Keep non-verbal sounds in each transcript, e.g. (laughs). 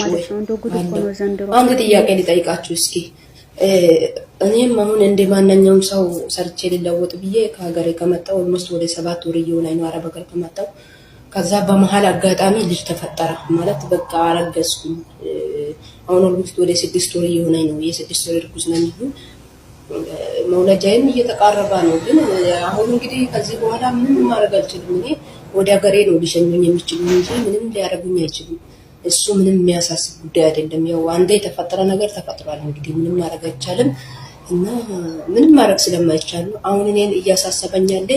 ማለት ነው። እንደው ጉድ ዘንድሮ። አንድ ጥያቄ ሊጠይቃችሁ እስኪ እኔም አሁን እንደ ማንኛውም ሰው ሰርቼ ሊለወጥ ብዬ ከሀገሬ ከመጣው ኦልሞስት ወደ ሰባት ወር እየሆነ ነው አረብ ሀገር ከመጣው። ከዛ በመሀል አጋጣሚ ልጅ ተፈጠረ ማለት በቃ አረገዝኩኝ። አሁን ኦልሞስት ወደ ስድስት ወር እየሆነ ነው። የስድስት ወር እርጉዝ ነኝ። መውለጃዬም እየተቃረባ ነው። ግን አሁን እንግዲህ ከዚህ በኋላ ምንም ማድረግ አልችልም። እኔ ወደ ሀገሬ ነው ሊሸኙኝ የሚችሉ እንጂ ምንም ሊያደርጉኝ አይችሉም። እሱ ምንም የሚያሳስብ ጉዳይ አይደለም። ያው አንዴ የተፈጠረ ነገር ተፈጥሯል። እንግዲህ ምንም ማድረግ አይቻልም እና ምንም ማድረግ ስለማይቻል ነው አሁን እኔን እያሳሰበኝ ያለ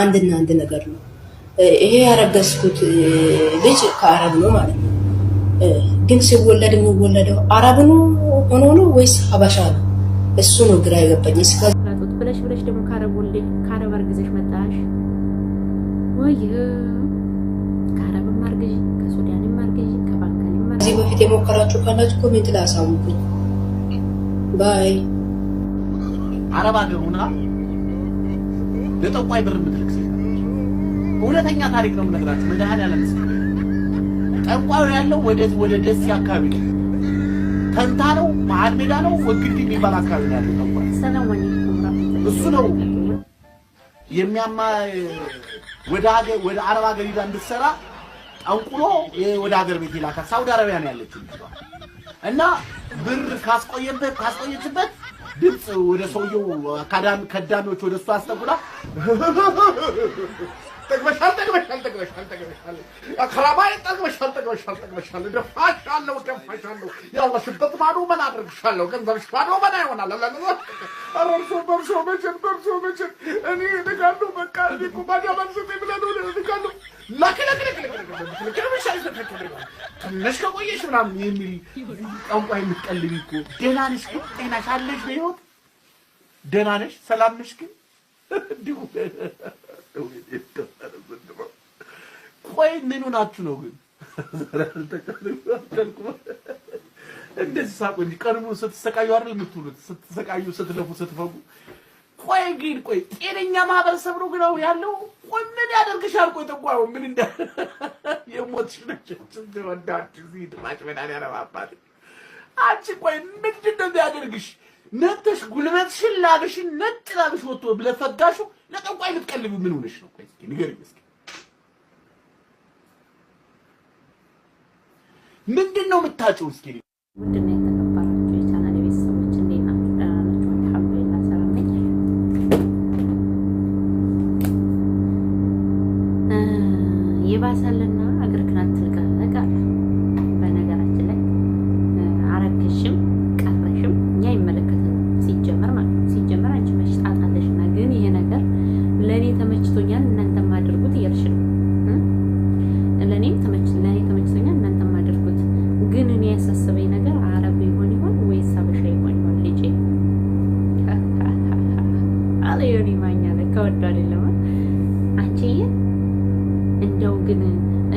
አንድና አንድ ነገር ነው። ይሄ ያረገዝኩት ልጅ ከአረብ ነው ማለት ነው። ግን ሲወለድ የሚወለደው አረብ ነው ሆኖ ነው ወይስ ሀበሻ ነው? እሱ ነው ግራ የገባኝ። ብለሽ ብለሽ ደግሞ ካረብ ወልዴ ካረብ አርግዘሽ መጣሽ ወይ ከዚህ በፊት የሞከራችሁ ካላችሁ ኮሜንት ላይ አሳውቁ። ባይ አረብ ሀገር ሆና ለጠቋይ ብር የምትልክ ሴት እውነተኛ ታሪክ ነው የምነግራችሁ። መድኃኒዓለም ጠቋዩ ያለው ወደ ወደ ደሴ አካባቢ ነው። ተንታ ነው፣ መሀል ሜዳ ነው፣ ወግድ የሚባል አካባቢ ነው ያለው ጠቋይ። እሱ ነው የሚያማ ወደ አረብ ሀገር ሂዳ እንድትሰራ ጠንቁሎ ወደ ሀገር ቤት ይላካል። ሳውዲ አረቢያ ነው ያለችው ልጅቷ። እና ብር ካስቆየበት ካስቆየችበት ድምፅ ወደ ሰውየው ከዳሚዎች ወደ እሱ አስተጉላ ጠቅመሻል፣ ጠቅመሻል፣ ጠቅመሻል፣ ጠቅመሻል፣ አከራማዬ ጠቅመሻል፣ ጠቅመሻል፣ ጠቅመሻል፣ ደፋሻለሁ፣ ደፋሻለሁ፣ ያለሽበት ባዶ ምን አድርግሻለሁ? ገንዘብሽ ባዶ ምን ይሆናል? ኧረ እርሶ በእርሶ መችን በእርሶ እኔ ንጋሉ በቃ እኔ ኩባጃ ባንስት ብለን ንጋሉ ትንሽ ከቆየሽ ምናምን የሚል ቋንቋ የምትቀልቢ እኮ ደህና ነሽ ግን? ጤናሽ አለሽ? በሕይወት ደህና ነሽ? ሰላም ነሽ ግን? እንዲሁ ቆይ ምን ሆናችሁ ነው ግን? እንደዚህ ሳቁ እንጂ ቀድሞ ስትሰቃዩ አይደል የምትውሉት? ስትሰቃዩ፣ ስትለፉ፣ ስትፈጉ። ቆይ ግን ቆይ ጤነኛ ማህበረሰብ ነው ግን አሁን ያለው? ቆይ ምን ያደርግሻል? ቆይ ተቋው ምን እንደ የሞትሽ ነች ወዳች ዚድ ማጭ መዳን ያለባባት አንቺ ቆይ ምንድን ነው የሚያደርግሽ? ነጥሽ ጉልበትሽን ላብሽን ነጥ ላብሽ ወጥቶ ብለፈጋሹ ለጠንቋይ ልትቀልብ ምን ሆነሽ ነው? ቆይ እስኪ ንገሪኝ እስኪ ምንድን ነው የምታጭው? እስኪ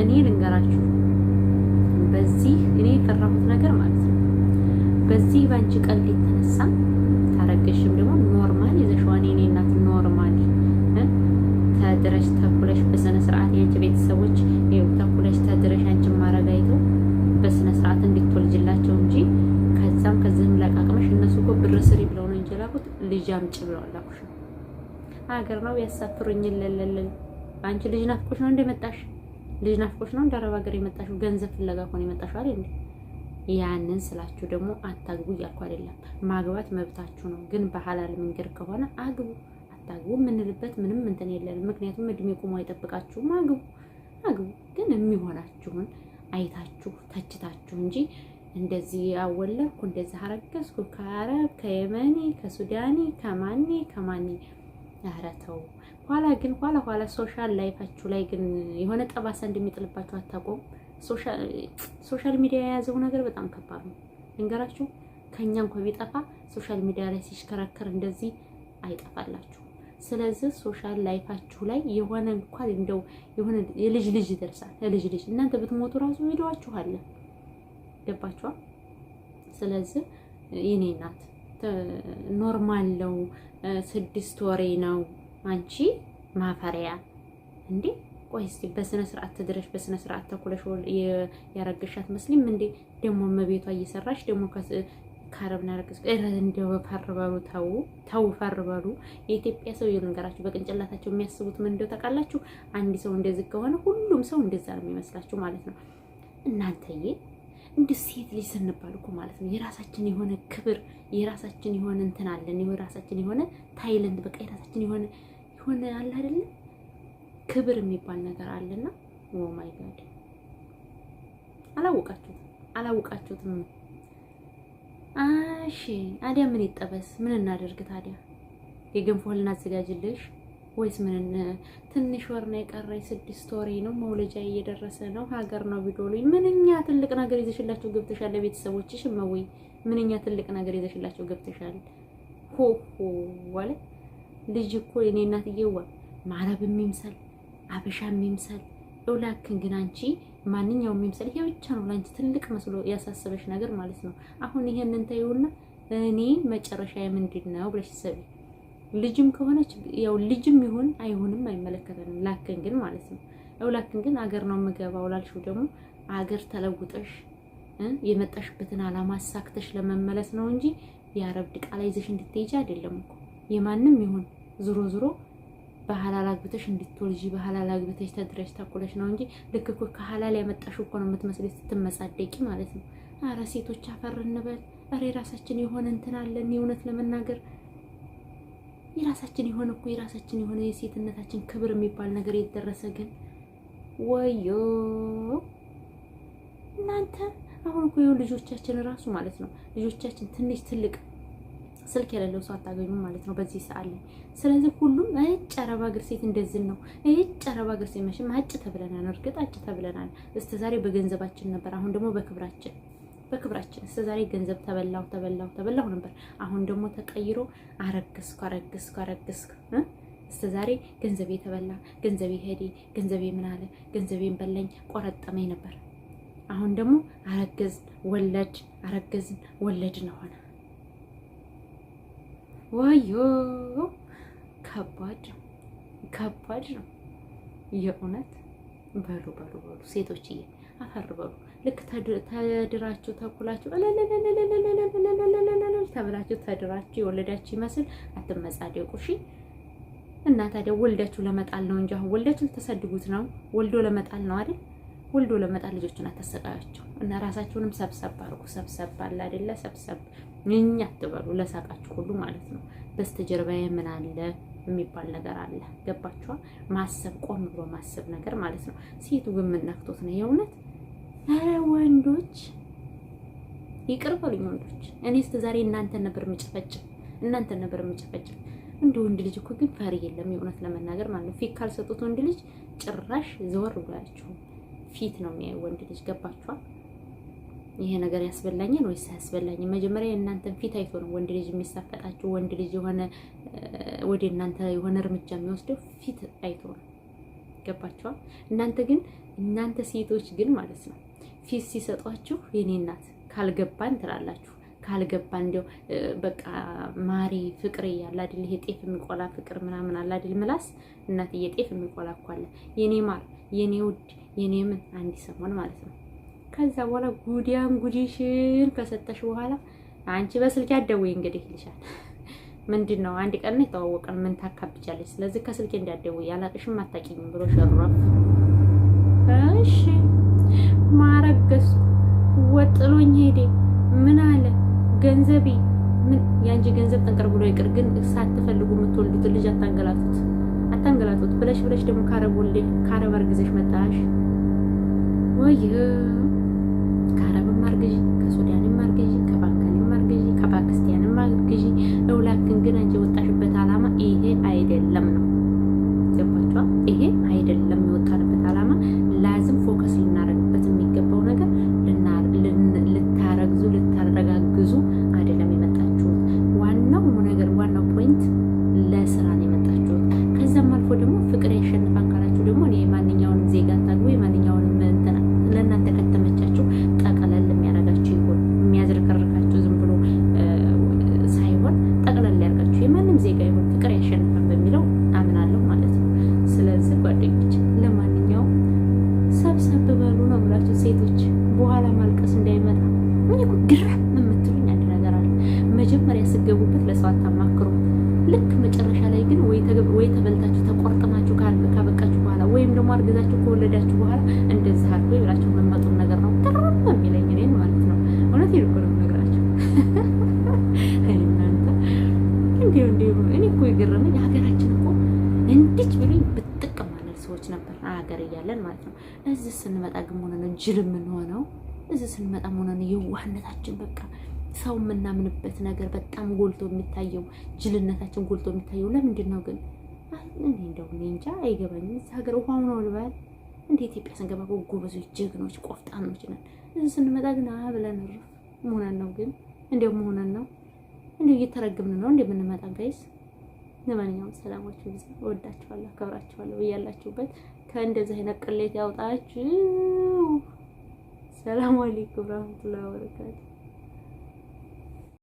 እኔ ልንገራችሁ በዚህ እኔ የቀረቡት ነገር ማለት ነው። በዚህ በአንቺ ቀልድ የተነሳ ታረገሽም ደግሞ ኖርማል ይዘሽዋን የኔ እናት ኖርማል ተድረሽ ተኩለሽ በስነ ስርዓት የአንቺ ቤተሰቦች ተኩለሽ ተድረሽ አንቺ ማረግ አይተው በስነ ስርዓት እንድትወልጅላቸው እንጂ ከዛም ከዚህም ለቃቅመሽ እነሱ እኮ ብር ስሪ ብለው ነው እንጂ ላኩት ልጅ አምጪ ብለው አላኩሽ። ሀገር ነው ያሳፍሩኝ። ለለለል አንቺ ልጅ ናፍቆሽ ነው እንደመጣሽ ልጅ ናፍቆሽ ነው እንደ አረብ ሀገር የመጣሽው ገንዘብ ፍለጋ ከሆነ የመጣሽው አይደል? ያንን ስላችሁ ደግሞ አታግቡ እያልኩ አይደለም። ማግባት መብታችሁ ነው፣ ግን በሐላል መንገድ ከሆነ አግቡ። አታግቡ የምንልበት ምንም እንትን የለን። ምክንያቱም እድሜ ቁሞ አይጠብቃችሁም። አግቡ አግቡ፣ ግን የሚሆናችሁን አይታችሁ ተችታችሁ እንጂ እንደዚህ አወለድኩ እንደዚህ አረገዝኩ ከአረብ ከየመኒ ከሱዳኒ ከማኒ ከማኒ ኧረ ተው። ኋላ ግን ኋላ ኋላ ሶሻል ላይፋችሁ ላይ ግን የሆነ ጠባሳ እንደሚጥልባችሁ አታቆም። ሶሻል ሚዲያ የያዘው ነገር በጣም ከባድ ነው። ልንገራችሁ፣ ከእኛ እንኳ ቢጠፋ ሶሻል ሚዲያ ላይ ሲሽከረከር እንደዚህ አይጠፋላችሁ። ስለዚህ ሶሻል ላይፋችሁ ላይ የሆነ እንኳን እንደው የሆነ የልጅ ልጅ ይደርሳል። የልጅ ልጅ እናንተ ብትሞቱ ራሱ ቪዲዮአችሁ አለ። ገባችኋል? ስለዚህ የኔ እናት ኖርማል ነው፣ ስድስት ወሬ ነው አንቺ ማፈሪያ እንዴ! ቆይ እስኪ በስነ ስርዓት ትድረሽ፣ በስነ ስርዓት ተኩለሽ ያረገሻት መስሊም እንዴ! ደግሞ መቤቷ እየሰራሽ ደግሞ ከአረብ ናረቅስ እንደው ፈርበሉ፣ ተው ተው፣ ፈርበሉ። የኢትዮጵያ ሰው የነገራችሁ በቅንጭላታቸው የሚያስቡት ምን እንደው ታውቃላችሁ? አንድ ሰው እንደዚህ ከሆነ ሁሉም ሰው እንደዛ ነው የሚመስላችሁ ማለት ነው። እናንተዬ እንዲህ ሴት ልጅ ስንባል እኮ ማለት ነው የራሳችን የሆነ ክብር፣ የራሳችን የሆነ እንትን አለን፣ የራሳችን የሆነ ታይለንት፣ በቃ የራሳችን የሆነ ሆነ አለ አይደለ ክብር የሚባል ነገር አለና ኦ ማይ ጋድ አላወቃችሁትም አላወቃችሁትም እሺ አዲያ ምን ይጠበስ ምን እናደርግ ታዲያ የገንፎ እህል እናዘጋጅልሽ ወይስ ምን ትንሽ ወር ነው የቀረኝ ስድስት ወሬ ነው መውለጃ እየደረሰ ነው ሀገር ነው ቢዶሉኝ ምንኛ ትልቅ ነገር ይዘሽላቸው ገብተሻል ለቤተሰቦችሽ መወይ ምንኛ ትልቅ ነገር ይዘሽላቸው ገብተሻል ሆ ሆ ወለ ልጅ እኮ የኔ እናትዬዋ ማረብ የሚምሰል አበሻ የሚምሰል እውላክን ግን አንቺ ማንኛውም የሚምሰል ይሄ ብቻ ነው ለአንቺ ትልቅ መስሎ ያሳሰበሽ ነገር ማለት ነው። አሁን ይሄንን ተይውና እኔ መጨረሻ የምንድን ነው ብለሽ ሰብ ልጅም ከሆነች ያው ልጅም ይሁን አይሁንም አይመለከተንም። ላክን ግን ማለት ነው እውላክን ግን አገር ነው የምገባው ላልሽው ደግሞ አገር ተለውጠሽ የመጣሽበትን አላማ አሳክተሽ ለመመለስ ነው እንጂ የአረብ ድቃላ ይዘሽ እንድትሄጂ አይደለም እኮ የማንም ይሁን ዝሮ ዝሮ በሐላል አግብተሽ እንድትወልጂ በሐላል አግብተሽ ተድረሽ ተኩለሽ ነው እንጂ ልክ እኮ ከሐላል ያመጣሽ እኮ ነው የምትመስል ስትመጻደቂ ማለት ነው። አረ ሴቶች አፈር እንበል። አረ የራሳችን የሆነ እንትን አለን። የእውነት ለመናገር የራሳችን የሆነ እኮ የራሳችን የሆነ የሴትነታችን ክብር የሚባል ነገር የደረሰ ግን ወዮ እናንተ አሁን እኮ ልጆቻችን እራሱ ማለት ነው ልጆቻችን ትንሽ ትልቅ ስልክ የሌለው ሰው አታገኙም ማለት ነው በዚህ ሰዓት ላይ። ስለዚህ ሁሉም እጭ አረባ ሀገር ሴት እንደዚህ ነው። እጭ አረባ ሀገር ሴት መቼም አጭ ተብለናል፣ እርግጥ አጭ ተብለናል። እስከ ዛሬ በገንዘባችን ነበር፣ አሁን ደግሞ በክብራችን በክብራችን። እስከ ዛሬ ገንዘብ ተበላሁ ተበላሁ ተበላሁ ነበር፣ አሁን ደግሞ ተቀይሮ አረግስኩ አረግስኩ አረግስኩ። እስከ ዛሬ ገንዘቤ ተበላ፣ ገንዘቤ ሄዴ፣ ገንዘቤ ምናለ፣ ገንዘቤን በላኝ ቆረጠመኝ ነበር። አሁን ደግሞ አረገዝን ወለድ አረገዝን ወለድ ነው ሆነ ወዮ ከባድ ነው፣ ከባድ ነው የእውነት። በሉ በሉ በሉ ሴቶችዬ አፈር በሉ። ልክ ተድራችሁ ተኩላችሁ ተብላችሁ ተድራችሁ የወለዳችሁ ይመስል አትመጻደቁ። እሺ እና ታዲያ ወልዳችሁ ለመጣል ነው እንጂ አሁን ወልዳችሁ ልትሰድጉት ነው። ወልዶ ለመጣል ነው አይደል? ወልዶ ለመጣ ልጆችን አታሰቃያቸው እና ራሳቸውንም ሰብሰብ አድርጉ። ሰብሰብ አለ አይደለ? ሰብሰብ እኛ አትበሉ፣ ለሳቃችሁ ሁሉ ማለት ነው። በስተጀርባዬ ምን አለ የሚባል ነገር አለ። ገባችኋ? ማሰብ ቆም ብሎ ማሰብ ነገር ማለት ነው። ሴቱ ግን ምን ነክቶት ነው የእውነት። ኧረ ወንዶች ይቅር በሉኝ ወንዶች። እኔ እስከ ዛሬ እናንተን ነበር የምጨፈጭፍ፣ እናንተን ነበር የምጨፈጭፍ። እንደ ወንድ ልጅ እኮ ግን ፈሪ የለም የእውነት ለመናገር ማለት ነው። ፊት ካልሰጡት ወንድ ልጅ ጭራሽ ዘወር ብላችሁ ፊት ነው የሚያዩ ወንድ ልጅ ገባችኋል? ይሄ ነገር ያስበላኝን ወይስ አያስበላኝን? መጀመሪያ የእናንተን ፊት አይቶ ነው ወንድ ልጅ የሚሳፈጣችሁ። ወንድ ልጅ የሆነ ወደ እናንተ የሆነ እርምጃ የሚወስደው ፊት አይቶ ነው። ገባችኋል? እናንተ ግን እናንተ ሴቶች ግን ማለት ነው ፊት ሲሰጧችሁ የኔ እናት ካልገባን ትላላችሁ። ካልገባ እንዲያው በቃ ማሪ ፍቅር እያለ አይደል ይሄ ጤፍ የሚቆላ ፍቅር ምናምን አለ አይደል ምላስ እናትዬ ጤፍ የሚቆላ እኮ አለ የኔ ማር የኔ ውድ የኔ ምን አንድ ሰሞን ማለት ነው። ከዛ በኋላ ጉዲያን ጉዲሽን ከሰጠሽ በኋላ አንቺ በስልክ ያደውይ እንግዲህ ይልሻል። (laughs) ምንድን ነው አንድ ቀን ነው የተዋወቀን፣ ምን ታካብጃለች? ስለዚህ ከስልኬ እንዳትደውይ ያላቅሽም አታውቂኝም ብሎ ሸረፍ። እሺ ማረገስ ወጥሎኝ ሄዴ ምን አለ ገንዘቤ ምን የአንቺ ገንዘብ ጠንቀር ብሎ ይቅር፣ ግን ሳትፈልጉ የምትወልዱትን ልጅ አታንገላቱት፣ አታንገላቱት ብለሽ ብለሽ ደግሞ ከአረብ ወልደሽ ከአረብ አርግዘሽ መጣሽ ወይ ከአረብም አርግዥ፣ ከሱዳንም አርግዥ፣ ከባንካንም አርግዥ፣ ከፓኪስታንም አርግዥ እውላክን ግን አንቺ ማንኛውንም ዜጋ ታግቦ የማንኛውንም ለእናንተ ከተመቻችሁ ጠቅለል የሚያደርጋችሁ ይሆን የሚያዝረከርካችሁ ዝም ብሎ ሳይሆን ጠቅለል ያደርጋችሁ የማንም ዜጋ ይሆን ፍቅር ያሸንፋል በሚለው አምናለሁ ማለት ነው። ስለዚህ ጓደኞች ለማንኛውም ሰብሰብ በሉ ነው ብላችሁ ሴቶች በኋላ ማልቀስ እንዳይመጣ ምን ግራ የምትሉኝ አንድ ነገር አለ። መጀመሪያ ስገቡበት ለሰው አታማ አርግዛችሁ ከወለዳችሁ በኋላ እንደዚህ አድርጎ ይብላችሁ መመጡን ነገር ነው ቅርም የሚለኝ እኔን ማለት ነው። እውነት ይልኩር ነግራችሁ እናንተ እንዲሁ እንዲሁ እኔ እኮ የገረመኝ ሀገራችን እኮ እንዲች ብሉኝ ብጥቅ ማለት ሰዎች ነበር ሀገር እያለን ማለት ነው። እዚህ ስንመጣ ግን ሆነ ነው ጅል የምንሆነው። እዚህ ስንመጣ ሆነ ነው የዋህነታችን በቃ ሰው የምናምንበት ነገር በጣም ጎልቶ የሚታየው ጅልነታችን ጎልቶ የሚታየው ለምንድን ነው ግን? እኔ እንደው እኔ እንጃ አይገባኝም። እዚህ ሀገር ውሃ ነው ልበል እንደ ኢትዮጵያ ስንገባ ጎበዞች፣ ጀግኖች፣ ቆፍጣኖች ነን። እዚህ ስንመጣ ግን አ ብለን መሆነን ነው ግን እንደው መሆነን ነው እንደው እየተረግምን ነው እንደምንመጣ ጋይስ። ለማንኛውም ሰላማችሁ እወዳችኋለሁ፣ አከብራችኋለሁ። እያላችሁበት ከእንደዚህ አይነት ቅሌት ያውጣችሁ። ሰላም አለይኩም